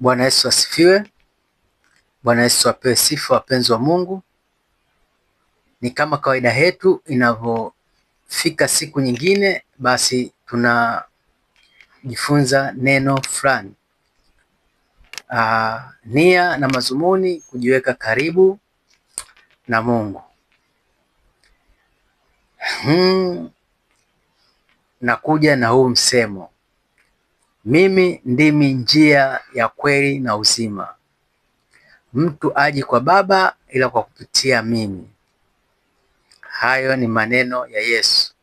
Bwana Yesu asifiwe. Bwana Yesu apewe sifa, wapenzi wa Mungu. Ni kama kawaida yetu inavyofika siku nyingine, basi tunajifunza neno fulani. Uh, nia na mazumuni kujiweka karibu na Mungu. Hmm, nakuja na huu msemo mimi ndimi njia ya kweli na uzima, mtu aji kwa Baba ila kwa kupitia mimi. Hayo ni maneno ya Yesu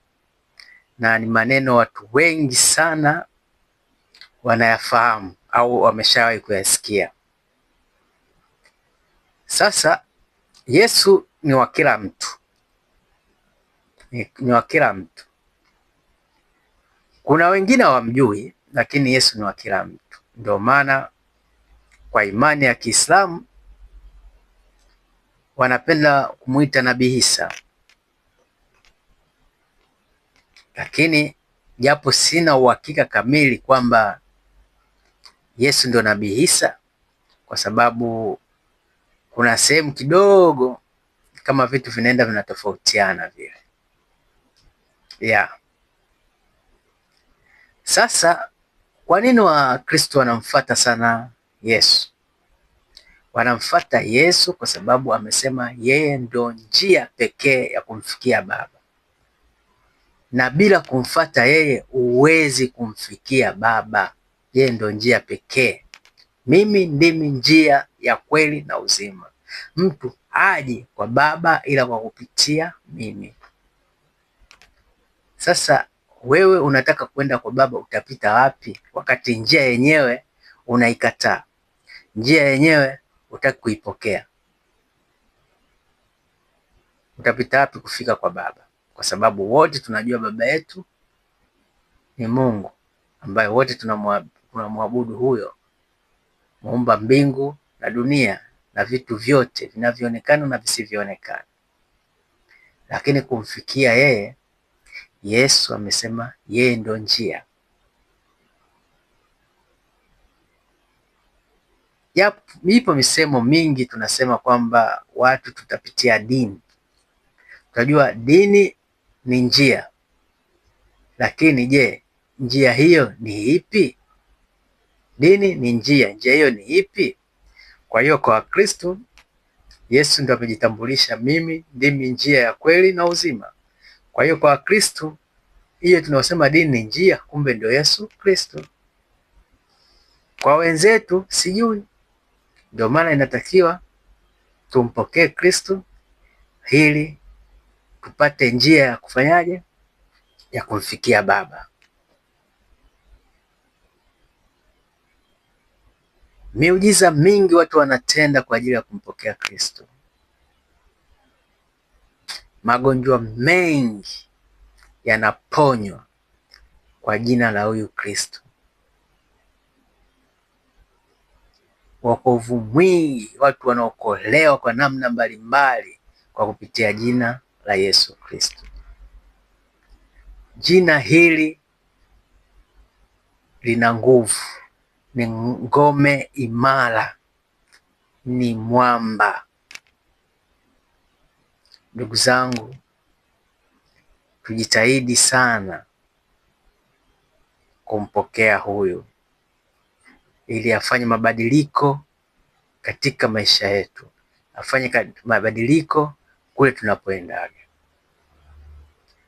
na ni maneno watu wengi sana wanayafahamu au wameshawahi kuyasikia. Sasa Yesu ni wa kila mtu, ni wa kila mtu. Kuna wengine hawamjui lakini Yesu ni wa kila mtu. Ndio maana kwa imani ya Kiislamu wanapenda kumwita Nabii Isa, lakini japo sina uhakika kamili kwamba Yesu ndio Nabii Isa, kwa sababu kuna sehemu kidogo kama vitu vinaenda vinatofautiana vile, yeah. Sasa kwa nini Wakristo wanamfuata sana Yesu? Wanamfuata Yesu kwa sababu amesema yeye ndo njia pekee ya kumfikia Baba, na bila kumfuata yeye huwezi kumfikia Baba. Yeye ndo njia pekee. Mimi ndimi njia ya kweli na uzima, mtu aje kwa Baba ila kwa kupitia mimi. Sasa wewe unataka kwenda kwa baba, utapita wapi wakati njia yenyewe unaikataa? Njia yenyewe utaki kuipokea, utapita wapi kufika kwa baba? Kwa sababu wote tunajua baba yetu ni Mungu ambaye wote tunamwabudu, huyo muumba mbingu na dunia na vitu vyote vinavyoonekana na visivyoonekana, lakini kumfikia yeye Yesu amesema yeye ndo njia. Japo ipo misemo mingi tunasema kwamba watu tutapitia dini, tunajua dini ni njia, lakini je, njia hiyo ni ipi? Dini ni njia, njia hiyo ni ipi? Kwa hiyo kwa Wakristo Yesu ndo amejitambulisha, mimi ndimi njia ya kweli na uzima. Kwa hiyo kwa Kristo hiyo tunaosema dini ni njia, kumbe ndio Yesu Kristo. Kwa wenzetu sijui, ndio maana inatakiwa tumpokee Kristo ili tupate njia ya kufanyaje, ya kumfikia Baba. Miujiza mingi watu wanatenda kwa ajili ya kumpokea Kristo. Magonjwa mengi yanaponywa kwa jina la huyu Kristo. Wokovu mwingi, watu wanaokolewa kwa namna mbalimbali kwa kupitia jina la Yesu Kristo. Jina hili lina nguvu, ni ngome imara, ni mwamba Ndugu zangu, tujitahidi sana kumpokea huyu ili afanye mabadiliko katika maisha yetu, afanye mabadiliko kule tunapoendaga,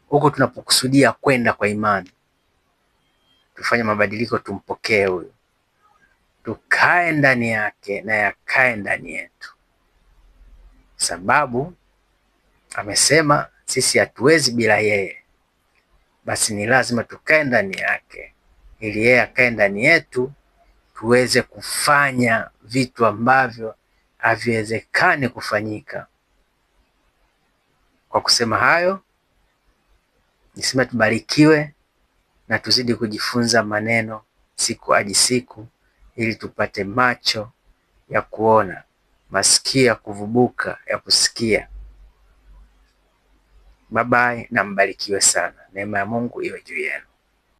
huko tunapokusudia kwenda kwa imani. Tufanye mabadiliko, tumpokee huyu, tukae ndani yake na yakae ndani yetu, sababu amesema sisi hatuwezi bila yeye, basi ni lazima tukae ndani yake ili yeye akae ndani yetu, tuweze kufanya vitu ambavyo haviwezekani kufanyika. Kwa kusema hayo, niseme tubarikiwe na tuzidi kujifunza maneno siku hadi siku, ili tupate macho ya kuona, masikio ya kuvubuka ya kusikia Bye bye na mbarikiwe sana. Neema ya Mungu iwe juu yenu.